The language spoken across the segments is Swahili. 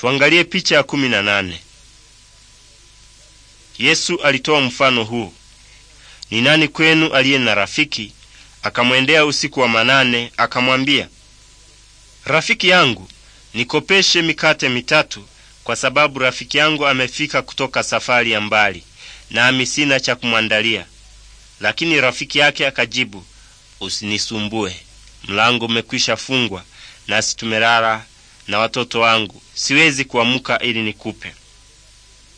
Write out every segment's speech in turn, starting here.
Tuangalie picha ya kumi na nane. Yesu alitoa mfano huu: ni nani kwenu aliye na rafiki akamwendea usiku wa manane akamwambia, rafiki yangu, nikopeshe mikate mitatu, kwa sababu rafiki yangu amefika kutoka safari ya mbali, nami sina cha kumwandalia. Lakini rafiki yake akajibu, usinisumbue, mlango umekwisha fungwa, nasi tumelala na watoto wangu, siwezi kuamka ili nikupe.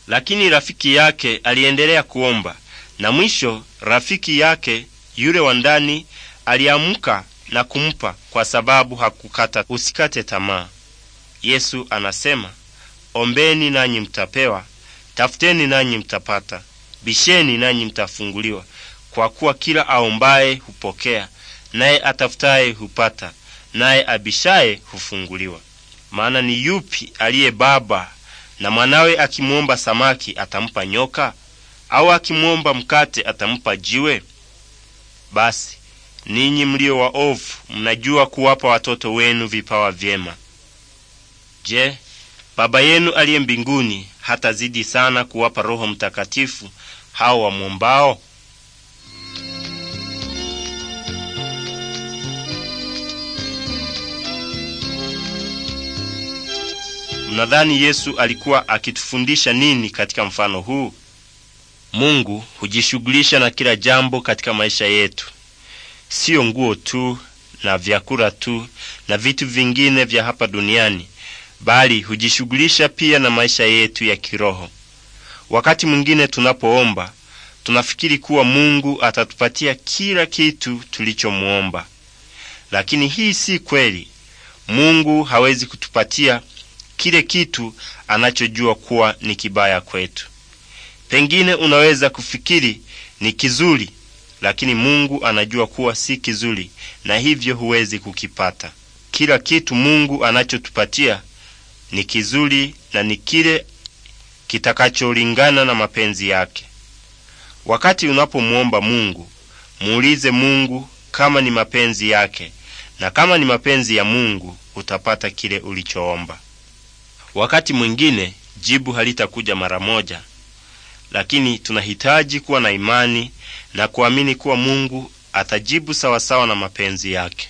Lakini rafiki yake aliendelea kuomba, na mwisho rafiki yake yule wa ndani aliamka na kumpa, kwa sababu hakukata. Usikate tamaa. Yesu anasema, ombeni nanyi mtapewa, tafuteni nanyi mtapata, bisheni nanyi mtafunguliwa, kwa kuwa kila aombaye hupokea, naye atafutaye hupata, naye abishaye hufunguliwa. Maana ni yupi aliye baba na mwanawe akimwomba samaki atampa nyoka? Au akimwomba mkate atampa jiwe? Basi ninyi mlio waovu mnajua kuwapa watoto wenu vipawa vyema. Je, Baba yenu aliye mbinguni hatazidi sana kuwapa Roho Mtakatifu hao wamwombao? Unadhani Yesu alikuwa akitufundisha nini katika mfano huu? Mungu hujishughulisha na kila jambo katika maisha yetu, siyo nguo tu na vyakula tu na vitu vingine vya hapa duniani, bali hujishughulisha pia na maisha yetu ya kiroho. Wakati mwingine tunapoomba tunafikiri kuwa Mungu atatupatia kila kitu tulichomwomba lakini hii si kweli. Mungu hawezi kutupatia kile kitu anachojua kuwa ni kibaya kwetu. Pengine unaweza kufikiri ni kizuri, lakini Mungu anajua kuwa si kizuri, na hivyo huwezi kukipata. Kila kitu Mungu anachotupatia ni kizuri na ni kile kitakacholingana na mapenzi yake. Wakati unapomwomba Mungu, muulize Mungu kama ni mapenzi yake, na kama ni mapenzi ya Mungu utapata kile ulichoomba. Wakati mwingine jibu halitakuja mara moja, lakini tunahitaji kuwa na imani na kuamini kuwa Mungu atajibu sawasawa na mapenzi yake.